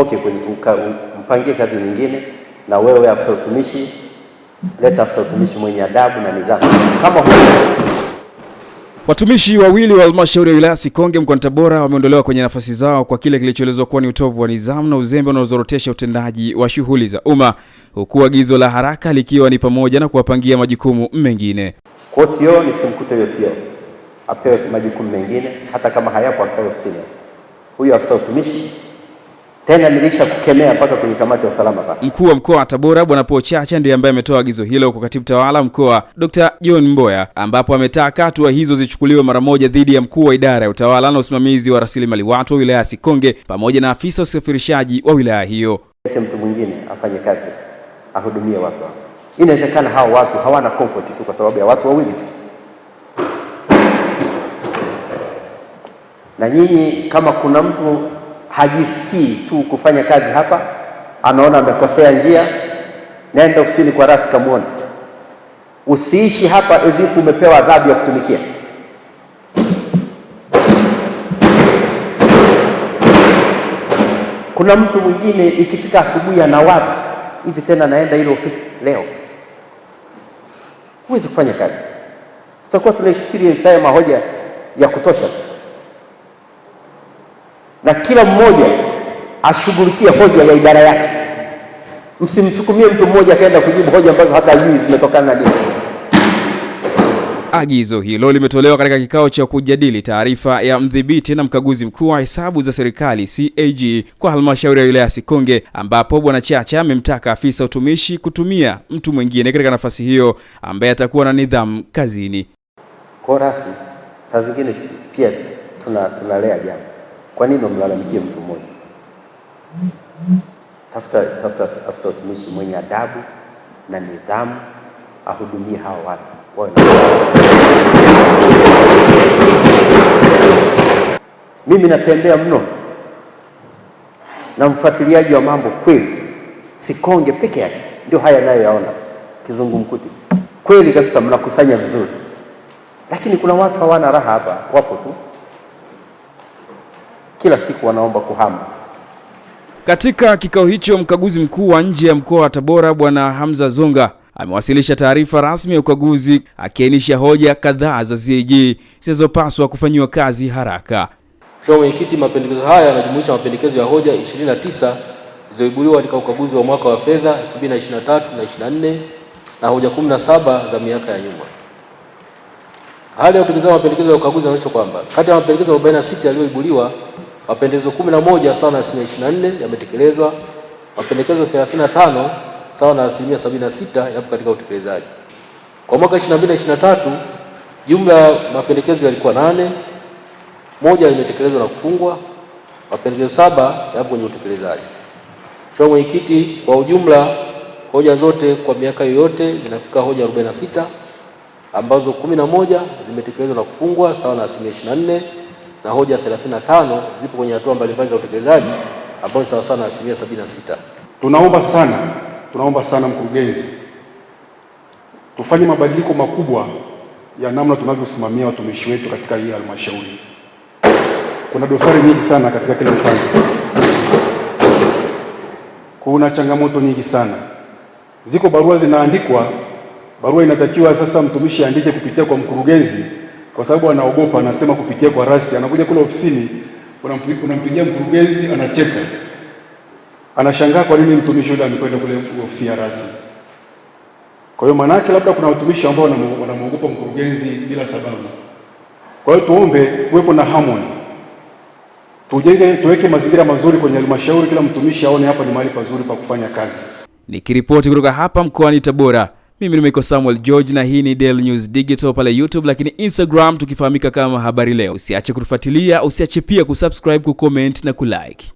utoke kwenye mpangie kazi nyingine. Na wewe afisa utumishi, leta afisa utumishi mwenye adabu na nidhamu kama huyo. Watumishi wawili wa halmashauri ya wilaya Sikonge mkoani Tabora wameondolewa kwenye nafasi zao kwa kile kilichoelezwa kuwa ni utovu wa nidhamu na uzembe unaozorotesha utendaji wa shughuli za umma, huku agizo la haraka likiwa ni pamoja na kuwapangia majukumu mengine. Kwa ni nisimkute hiyo TO, apewe majukumu mengine, hata kama hayapo akae ofisini. Huyo afisa utumishi tena nilisha kukemea mpaka kwenye kamati ya usalama pale. Mkuu wa mkoa wa Tabora Bwana Paul Chacha ndiye ambaye ametoa agizo hilo kwa katibu tawala mkoa Dr. John Mboya, ambapo ametaka hatua hizo zichukuliwe mara moja dhidi ya mkuu wa idara ya utawala na usimamizi wa rasilimali watu wa wilaya ya Sikonge pamoja na afisa usafirishaji wa wilaya hiyo. Mtu mwingine afanye kazi, ahudumie watu hao. Inawezekana hao watu hawana comfort tu kwa sababu ya watu wawili tu, na nyinyi kama kuna mtu hajisikii tu kufanya kazi hapa, anaona amekosea njia, nenda ofisini kwa rasi kamuone. Usiishi hapa edhifu umepewa adhabu ya kutumikia. Kuna mtu mwingine ikifika asubuhi anawaza hivi, tena naenda ile ofisi leo? Huwezi kufanya kazi, tutakuwa tuna experience haya mahoja ya kutosha. tu na kila mmoja ashughulikie hoja ya idara yake. Msimsukumie mtu mmoja akaenda kujibu hoja ambazo hata ajui zimetokana na nini. Agizo hilo limetolewa katika kikao cha kujadili taarifa ya mdhibiti na mkaguzi mkuu wa hesabu za serikali CAG kwa halmashauri ya wilaya ya Sikonge, ambapo bwana Chacha amemtaka afisa utumishi kutumia mtu mwingine katika nafasi hiyo ambaye atakuwa na nidhamu kazini. Kwa rasmi saa zingine pia tunalea tuna jambo kwa nini umlalamikie mtu mmoja? Tafuta, tafuta afisa utumishi mwenye adabu na nidhamu ahudumie hawa watu wawe na mimi natembea mno na mfuatiliaji wa mambo kweli, Sikonge peke yake ndio haya nayoyaona kizungumkuti kweli kabisa, mnakusanya vizuri, lakini kuna watu hawana raha hapa, wapo tu kila siku wanaomba kuhama. Katika kikao hicho, mkaguzi mkuu wa nje ya mkoa wa Tabora Bwana Hamza Zonga amewasilisha taarifa rasmi ya ukaguzi akiainisha hoja kadhaa za CAG zinazopaswa kufanyiwa kazi haraka. Mheshimiwa Mwenyekiti, mapendekezo haya yanajumuisha mapendekezo ya hoja 29 zilizoibuliwa katika ukaguzi wa mwaka wa fedha 2023 na 24 na hoja 17 za miaka ya nyuma. Hali ya utekelezaji wa mapendekezo ya ukaguzi inaonyesha kwamba kati ya mapendekezo 46 yaliyoibuliwa mapendekezo 11 sawa na asilimia 24 yametekelezwa. Mapendekezo 35 sawa na asilimia 76 yapo katika utekelezaji. Kwa mwaka 22 23 jumla ya mapendekezo yalikuwa nane, moja limetekelezwa na kufungwa, mapendekezo saba yapo kwenye utekelezaji. Mheshimiwa Mwenyekiti, kwa ujumla hoja zote kwa miaka yoyote zinafika hoja 46 ambazo 11 zimetekelezwa na kufungwa sawa na asilimia 24 na hoja 35 zipo kwenye hatua mbalimbali za utekelezaji ambayo ni sawasawa na asilimia 76. Tunaomba sana, tunaomba sana mkurugenzi, tufanye mabadiliko makubwa ya namna tunavyosimamia watumishi wetu katika hii halmashauri. Kuna dosari nyingi sana katika kila upande, kuna changamoto nyingi sana, ziko barua zinaandikwa, barua inatakiwa sasa mtumishi aandike kupitia kwa mkurugenzi kwa sababu anaogopa, anasema kupitia kwa rasi. Anakuja kule ofisini, unampigia mkurugenzi, anacheka, anashangaa kwa nini mtumishi yule amekwenda kule ofisi ya rasi. Kwa hiyo maanake labda kuna watumishi ambao wanamwogopa mkurugenzi bila sababu. Kwa hiyo tuombe kuwepo na harmony, tujenge, tuweke mazingira mazuri kwenye halmashauri, kila mtumishi aone hapa ni mahali pazuri pa kufanya kazi. Nikiripoti kutoka hapa mkoani Tabora. Mimi nimeko Samuel George na hii ni Daily News Digital pale YouTube, lakini Instagram tukifahamika kama Habari Leo. Usiache kutufuatilia, usiache pia kusubscribe, kucomment na kulike.